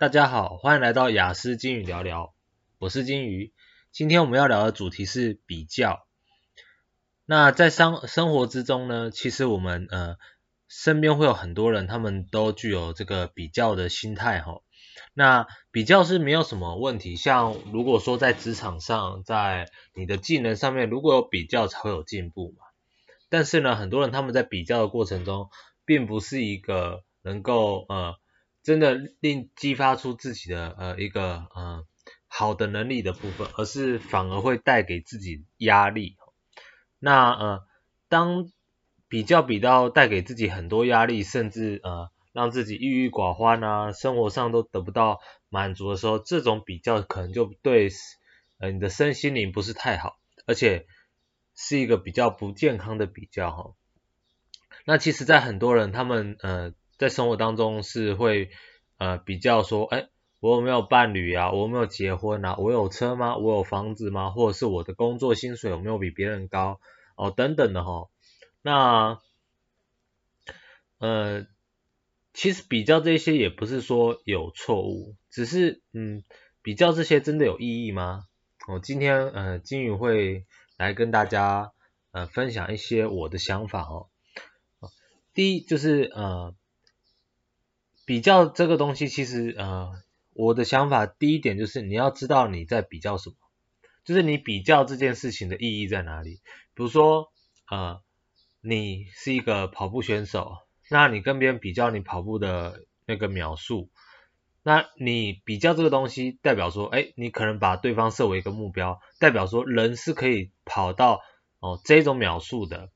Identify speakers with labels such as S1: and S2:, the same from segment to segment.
S1: 大家好，歡迎來到雅思金魚聊聊，我是金魚。今天我們要聊的主題是比較。那在生生活之中呢，其實我們呃身邊會有很多人，他們都具有這個比較的心態哈、哦。那比較是沒有什麼問題，像如果說在職場上，在你的技能上面，如果有比較才會有進步嘛。但是呢，很多人他們在比較的過程中，並不是一個能夠呃。真的令激發出自己的呃一個呃好的能力的部分，而是反而會帶給自己壓力。那呃當比較比到帶給自己很多壓力，甚至呃讓自己鬱鬱寡歡啊，生活上都得不到滿足的時候，這種比較可能就對呃你的身心靈不是太好，而且是一個比較不健康的比較哈。那其實，在很多人他們呃。在生活當中是會呃比較說，哎、欸，我有沒有伴侶啊？我有沒有結婚啊？我有車嗎？我有房子嗎？或者是我的工作薪水有沒有比別人高哦等等的哈？那呃其實比較這些也不是說有錯誤，只是嗯比較這些真的有意義嗎？哦，今天呃金魚會來跟大家呃分享一些我的想法哦。第一就是呃。比較這個東西，其實呃，我的想法第一點就是你要知道你在比較什麼，就是你比較這件事情的意義在哪裡。比如說呃，你是一個跑步選手，那你跟別人比較你跑步的那個秒數，那你比較這個東西代表說，哎、欸，你可能把對方設為一個目標，代表說人是可以跑到哦這種秒數的，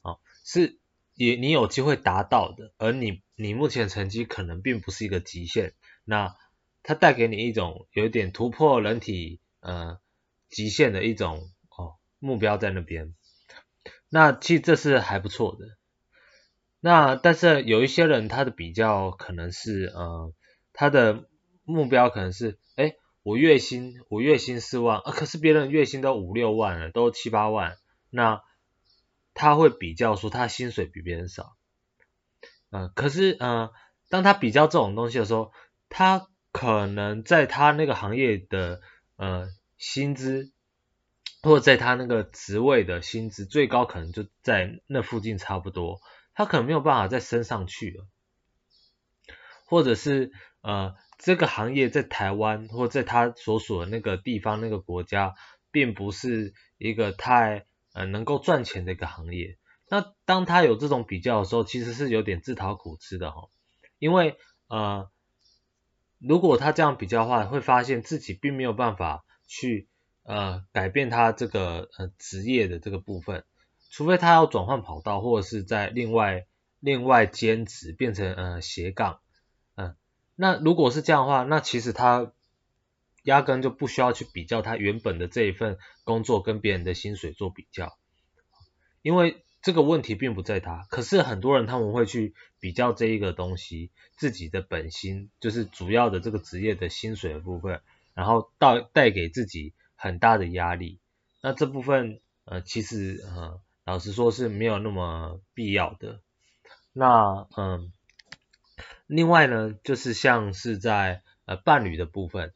S1: 哦，是你你有機會達到的，而你。你目前成績可能並不是一個極限，那它帶給你一種有點突破人體呃極限的一種哦目標在那邊，那其實這是還不錯的，那但是有一些人他的比較可能是呃，他的目標可能是哎，我月薪我月薪四萬啊，可是別人月薪都五六萬了，都七八萬，那他會比較說他薪水比別人少。嗯、呃，可是，嗯、呃，當他比較這種東西的時候，他可能在他那個行業的，呃，薪資，或者在他那個職位的薪資，最高可能就在那附近差不多，他可能沒有辦法再升上去了，或者是，呃，這個行業在台灣或者在他所屬的那個地方那個國家，並不是一個太，呃，能夠賺錢的一個行業。那當他有這種比較的時候，其實是有點自討苦吃的哈、哦，因為呃，如果他這樣比較的話，會發現自己並沒有辦法去呃改變他這個呃職業的這個部分，除非他要轉換跑道或者是在另外另外兼職變成呃斜槓，嗯、呃，那如果是這樣的話，那其實他壓根就不需要去比較他原本的這一份工作跟別人的薪水做比較，因為。這個問題並不在他，可是很多人他們會去比較這一個東西，自己的本心，就是主要的這個職業的薪水的部分，然後到帶給自己很大的壓力，那這部分呃其實呃老實說是沒有那麼必要的。那嗯、呃，另外呢就是像是在呃伴侶的部分，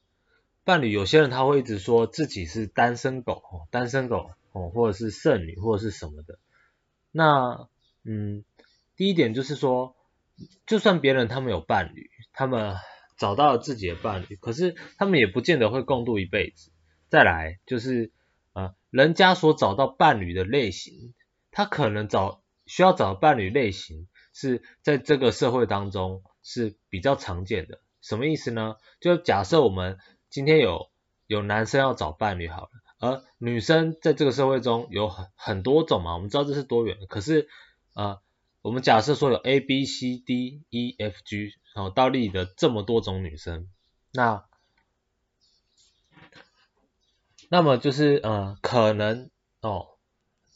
S1: 伴侶有些人他會一直說自己是單身狗，單身狗哦，或者是剩女或者是什麼的。那，嗯，第一點就是說，就算別人他們有伴侶，他們找到了自己的伴侶，可是他們也不見得會共度一輩子。再來就是，呃，人家所找到伴侶的類型，他可能找需要找伴侶類型是在這個社會當中是比較常見的。什麼意思呢？就假設我們今天有有男生要找伴侶好了。而、呃、女生在這個社會中有很很多種嘛，我們知道這是多元的，可是呃，我們假設說有 A B C D E F G 哦，倒立的這麼多種女生，那那麼就是呃可能哦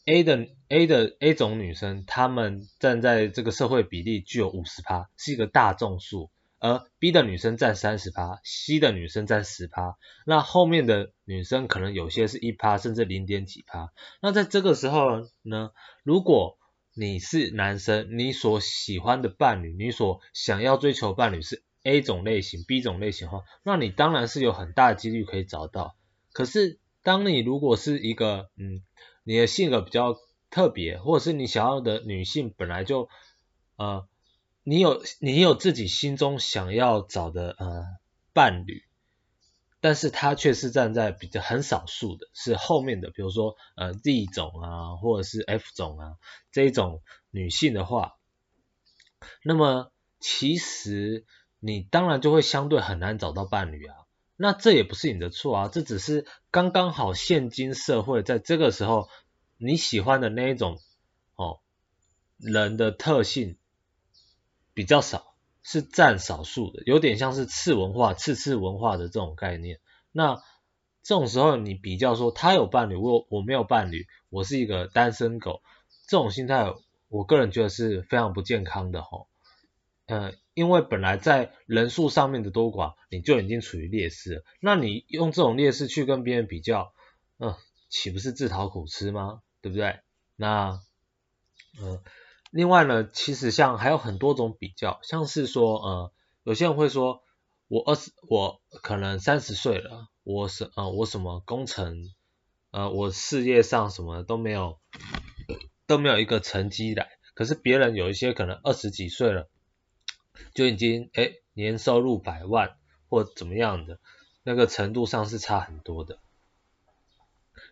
S1: A 的 A 的 A 種女生，她們站在這個社會比例具有五十趴，是一個大眾數，而 B 的女生佔三十趴，C 的女生佔十趴，那後面的女生可能有些是一趴，甚至零點幾趴。那在這個時候呢，如果你是男生，你所喜歡的伴侶，你所想要追求伴侶是 A 種類型、B 種類型的話，那你當然是有很大的幾率可以找到。可是，當你如果是一個嗯，你的性格比較特別，或者是你想要的女性本來就呃。你有你有自己心中想要找的呃伴侶，但是他卻是站在比較很少數的，是後面的，比如說呃 D 種啊，或者是 F 種啊這一種女性的話，那麼其實你當然就會相對很難找到伴侶啊，那這也不是你的錯啊，這只是剛剛好現今社會在這個時候你喜歡的那一種哦人的特性。比較少，是佔少數的，有點像是次文化、次次文化的這種概念。那這種時候，你比較說他有伴侶，我我沒有伴侶，我是一個單身狗，這種心態，我個人覺得是非常不健康的吼。嗯、呃，因為本來在人數上面的多寡，你就已經處於劣勢了。那你用這種劣勢去跟別人比較，嗯、呃，豈不是自討苦吃嗎？對不對？那，嗯、呃。另外呢，其實像還有很多種比較，像是說，呃，有些人會說，我二十，我可能三十歲了，我是，呃，我什麼工程，呃，我事業上什麼的都沒有，都沒有一個成績來。可是別人有一些可能二十幾歲了，就已經，哎、欸，年收入百萬或怎麼樣的，那個程度上是差很多的。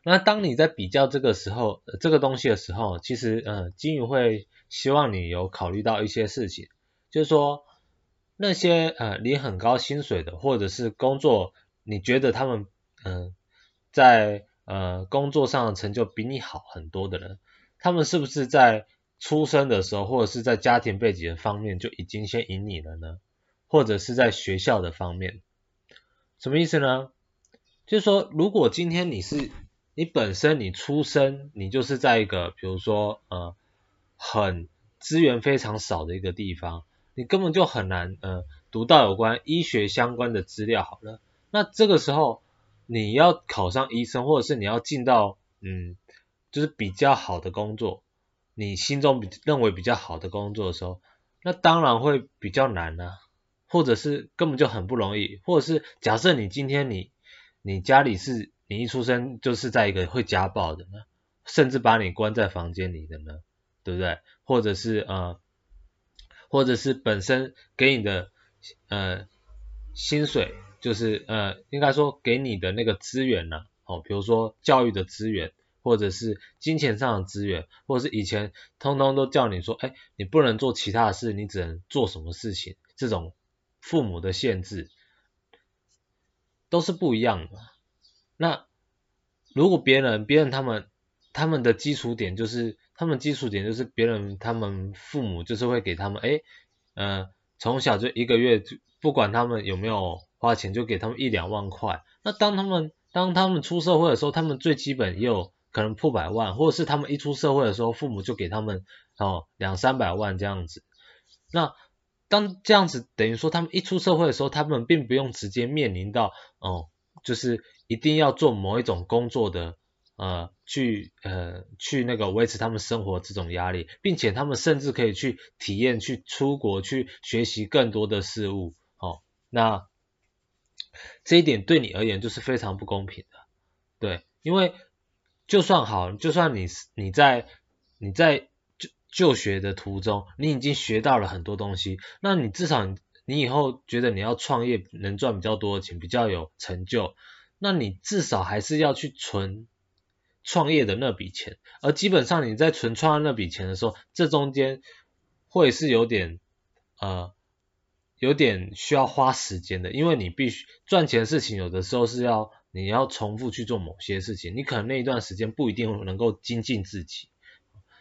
S1: 那當你在比較這個時候、呃、這個東西的時候，其實嗯，金魚會希望你有考慮到一些事情，就是說那些呃，領很高薪水的，或者是工作你覺得他們嗯、呃，在呃工作上的成就比你好很多的人，他們是不是在出生的時候，或者是在家庭背景的方面就已經先贏你了呢？或者是在學校的方面，什麼意思呢？就是說如果今天你是你本身，你出生你就是在一個，比如說呃，很資源非常少的一個地方，你根本就很難呃讀到有關醫學相關的資料。好了，那這個時候你要考上醫生，或者是你要進到嗯，就是比較好的工作，你心中比認為比較好的工作的時候，那當然會比較難啦、啊，或者是根本就很不容易，或者是假設你今天你你家裡是你一出生就是在一個會家暴的呢，甚至把你關在房間裡的呢，對不對？或者是呃，或者是本身給你的呃薪水，就是呃，應該說給你的那個資源呢、啊，哦，比如說教育的資源，或者是金錢上的資源，或者是以前通通都叫你說，哎，你不能做其他的事，你只能做什麼事情，這種父母的限制，都是不一樣的。那如果別人，別人他們他們的基礎點就是他們基礎點就是別人他們父母就是會給他們哎嗯、呃、從小就一個月就不管他們有沒有花錢就給他們一兩萬塊。那當他們，當他們出社會的時候，他們最基本也有可能破百萬，或者是他們一出社會的時候，父母就給他們哦兩三百萬這樣子。那當這樣子等於說他們一出社會的時候，他們並不用直接面臨到哦就是。一定要做某一種工作的，呃，去呃，去那個維持他們生活這種壓力，並且他們甚至可以去體驗、去出國、去學習更多的事物。好、哦，那這一點對你而言就是非常不公平的。對，因為就算好，就算你是你在你在就就學的途中，你已經學到了很多東西，那你至少你以後覺得你要創業能賺比較多的錢，比較有成就。那你至少還是要去存創業的那筆錢，而基本上你在存創業那筆錢的時候，這中間會是有點呃有點需要花時間的，因為你必須賺錢的事情有的時候是要你要重複去做某些事情，你可能那一段時間不一定能夠精進自己，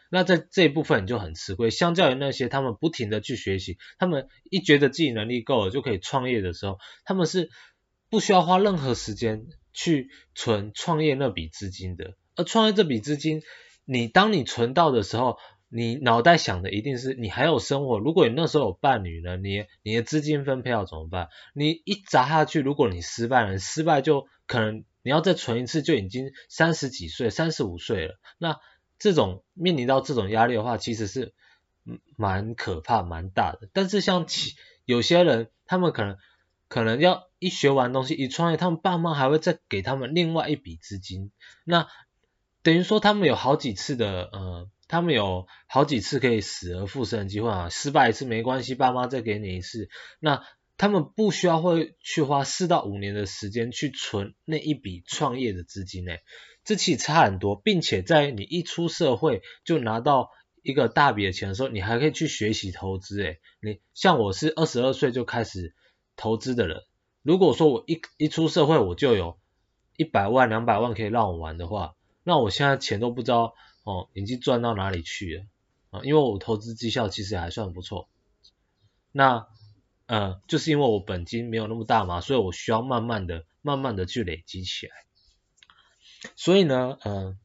S1: 那在這一部分你就很吃虧。相較於那些他們不停的去學習，他們一覺得自己能力夠了就可以創業的時候，他們是。不需要花任何時間去存創業那筆資金的，而創業這筆資金，你當你存到的時候，你腦袋想的一定是你還有生活。如果你那時候有伴侶呢，你你的資金分配要怎麼辦？你一砸下去，如果你失敗了，失敗就可能你要再存一次，就已經三十幾歲、三十五歲了。那這種面臨到這種壓力的話，其實是嗯蠻可怕、蠻大的。但是像其有些人，他們可能。可能要一學完東西，一創業，他們爸媽還會再給他們另外一筆資金。那等於說他們有好幾次的，呃，他們有好幾次可以死而復生的機會啊。失敗一次沒關係，爸媽再給你一次。那他們不需要會去花四到五年的時間去存那一筆創業的資金誒，這其實差很多，並且在你一出社會就拿到一個大筆的錢的時候，你還可以去學習投資誒。你像我是二十二歲就開始。投資的人，如果說我一一出社會我就有一百萬兩百萬可以讓我玩的話，那我現在錢都不知道哦，已經賺到哪裡去了啊？因為我投資績效其實還算不錯，那呃，就是因為我本金沒有那麼大嘛，所以我需要慢慢的、慢慢的去累積起來。所以呢，呃，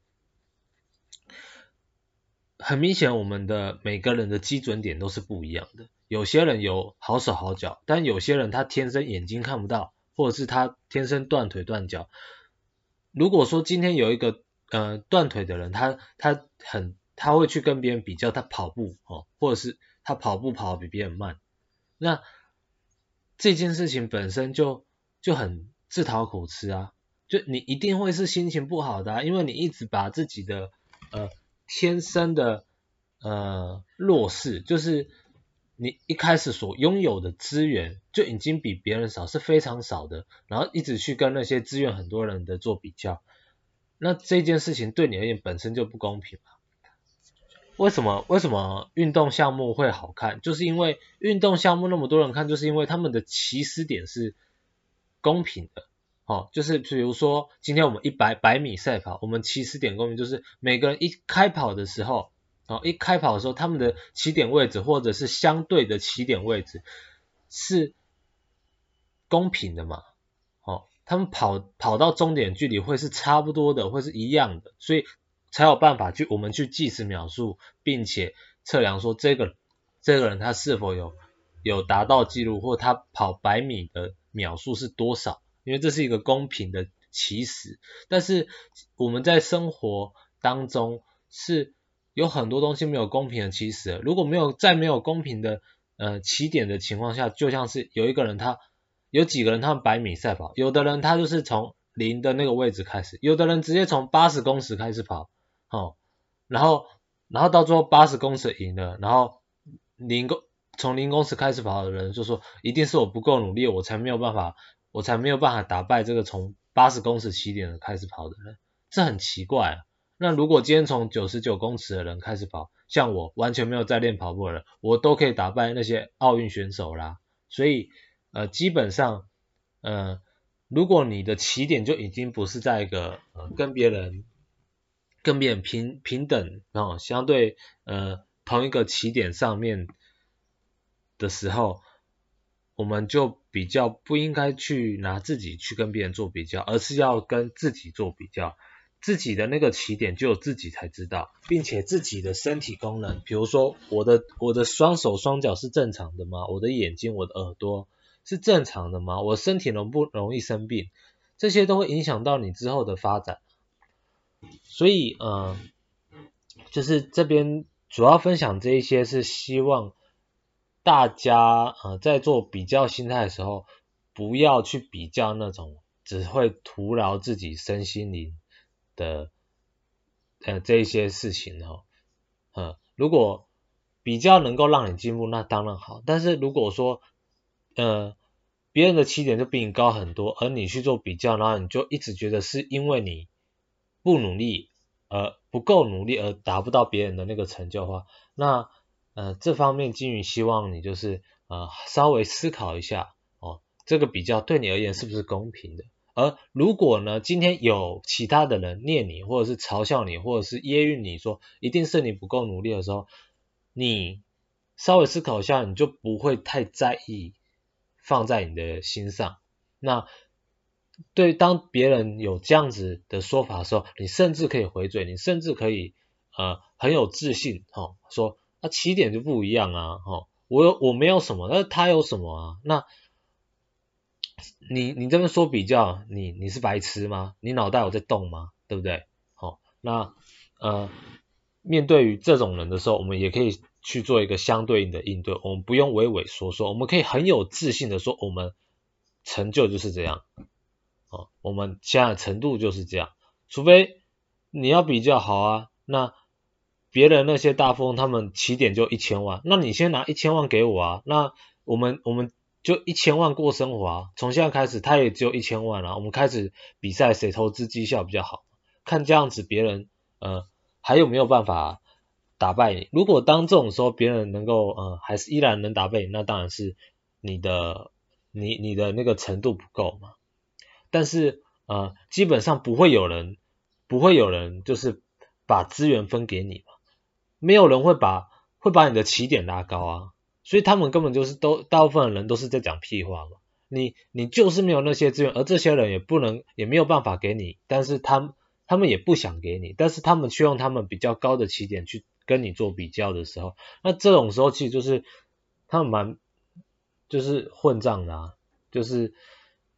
S1: 很明顯我們的每個人的基準點都是不一樣的。有些人有好手好腳，但有些人他天生眼睛看不到，或者是他天生斷腿斷腳。如果說今天有一個呃斷腿的人，他他很他會去跟別人比較，他跑步哦，或者是他跑步跑得比別人慢，那這件事情本身就就很自討苦吃啊！就你一定會是心情不好的啊，因為你一直把自己的呃天生的呃弱勢就是。你一開始所擁有的資源就已經比別人少，是非常少的，然後一直去跟那些資源很多人的做比較，那這件事情對你而言本身就不公平嘛？為什麼？為什麼運動項目會好看？就是因為運動項目那麼多人看，就是因為他們的起始點是公平的。好、哦，就是比如說今天我們一百百米賽跑，我們起始點公平，就是每個人一開跑的時候。哦，一開跑的時候，他們的起點位置或者是相對的起點位置是公平的嘛。哦，他們跑跑到終點距離會是差不多的，會是一樣的，所以才有辦法去我們去計時秒數，並且測量說這個這個人他是否有有達到記錄，或他跑百米的秒數是多少？因為這是一個公平的起始，但是我們在生活當中是。有很多東西沒有公平的起始。如果沒有在沒有公平的呃起點的情況下，就像是有一個人他有幾個人他們百米賽跑，有的人他就是從零的那個位置開始，有的人直接從八十公尺開始跑，哦，然後然後到最後八十公尺贏了，然後零公從零公尺開始跑的人就說一定是我不夠努力，我才沒有辦法我才沒有辦法打敗這個從八十公尺起點的開始跑的人，這很奇怪啊。那如果今天從九十九公尺的人開始跑，像我完全沒有在練跑步的人，我都可以打敗那些奧運選手啦。所以，呃，基本上，呃，如果你的起點就已經不是在一個呃跟別人、跟別人平平等，然後、哦、相對呃同一個起點上面的時候，我們就比較不應該去拿自己去跟別人做比較，而是要跟自己做比較。自己的那個起點只有自己才知道，並且自己的身體功能，比如說，我的我的雙手雙腳是正常的嗎？我的眼睛、我的耳朵是正常的嗎？我身體容不容易生病？這些都會影響到你之後的發展。所以，嗯、呃，就是這邊主要分享這一些，是希望大家啊、呃，在做比較心態的時候，不要去比較那種只會徒勞自己身心靈。的呃，這一些事情哦，嗯，如果比較能夠讓你進步，那當然好。但是如果說，呃，別人的起點就比你高很多，而你去做比較，然後你就一直覺得是因為你不努力，呃，不夠努力而達不到別人的那個成就的話，那呃這方面，金魚希望你就是呃稍微思考一下哦，這個比較對你而言是不是公平的？而如果呢，今天有其他的人念你，或者是嘲笑你，或者是揶揄你說，一定是你不夠努力的時候，你稍微思考一下，你就不會太在意，放在你的心上。那對，當別人有這樣子的說法的時候，你甚至可以回嘴，你甚至可以呃很有自信吼、哦，說啊起點就不一樣啊，吼、哦，我有我沒有什麼，但是他有什麼啊？那你你這麼說比較，你你是白痴嗎？你腦袋有在動嗎？對不對？好、哦，那呃，面對於這種人的時候，我們也可以去做一個相對應的應對，我們不用畏畏縮縮，我們可以很有自信的說，我們成就就是這樣，好、哦，我們現在的程度就是這樣，除非你要比較好啊，那別人那些大富翁，他們起點就一千萬，那你先拿一千萬給我啊，那我們我們。就一千萬過生活啊，從現在開始，他也只有一千萬了啊。我們開始比賽，誰投資績效比較好？看這樣子，別人呃還有沒有辦法打敗你？如果當這種時候，別人能夠呃還是依然能打敗你，那當然是你的你你的那個程度不夠嘛。但是呃基本上不會有人不會有人就是把資源分給你嘛，沒有人會把會把你的起點拉高啊。所以他們根本就是都大部分人都是在講屁話嘛你，你你就是沒有那些資源，而這些人也不能也沒有辦法給你，但是他們他們也不想給你，但是他們去用他們比較高的起點去跟你做比較的時候，那這種時候其實就是他們蠻就是混賬的啊，就是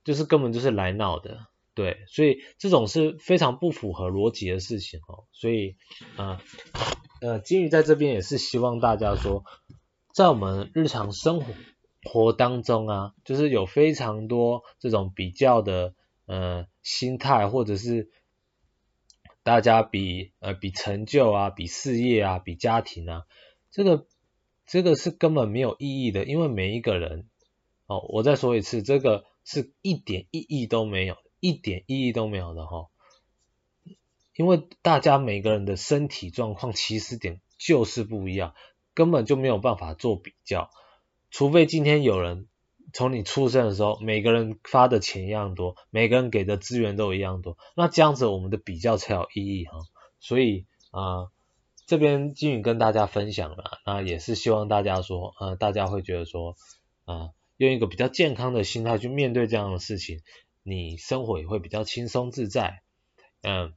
S1: 就是根本就是來鬧的，對，所以這種是非常不符合邏輯的事情哦，所以啊呃，呃，金魚在這邊也是希望大家說。在我們日常生活活當中啊，就是有非常多這種比較的呃心態，或者是大家比呃比成就啊、比事業啊、比家庭啊，這個這個是根本沒有意義的，因為每一個人哦，我再說一次，這個是一點意義都沒有，一點意義都沒有的哈、哦，因為大家每個人的身體狀況起始點就是不一樣。根本就沒有辦法做比較，除非今天有人從你出生的時候，每個人發的錢一樣多，每個人給的資源都一樣多，那這樣子我們的比較才有意義哈。所以啊、呃，這邊金魚跟大家分享了，那、呃、也是希望大家說，呃，大家會覺得說，啊、呃，用一個比較健康的心態去面對這樣的事情，你生活也會比較輕鬆自在，嗯、呃，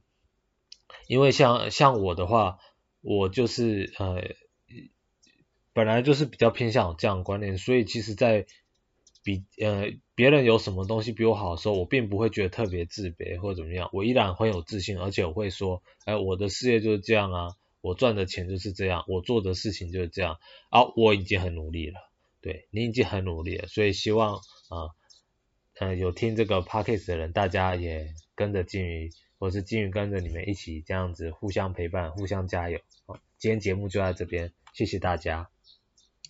S1: 因為像像我的話，我就是呃。本來就是比較偏向這樣的觀念，所以其實，在比呃別人有什麼東西比我好的時候，我並不會覺得特別自卑或者怎麼樣，我依然很有自信，而且我會說，哎，我的事業就是這樣啊，我賺的錢就是這樣，我做的事情就是這樣啊，我已經很努力了，對，你已經很努力了，所以希望啊，嗯、呃呃，有聽這個 podcast 的人，大家也跟着金魚，或者是金魚跟着你們一起這樣子互相陪伴、互相加油。好，今天節目就在這邊，謝謝大家。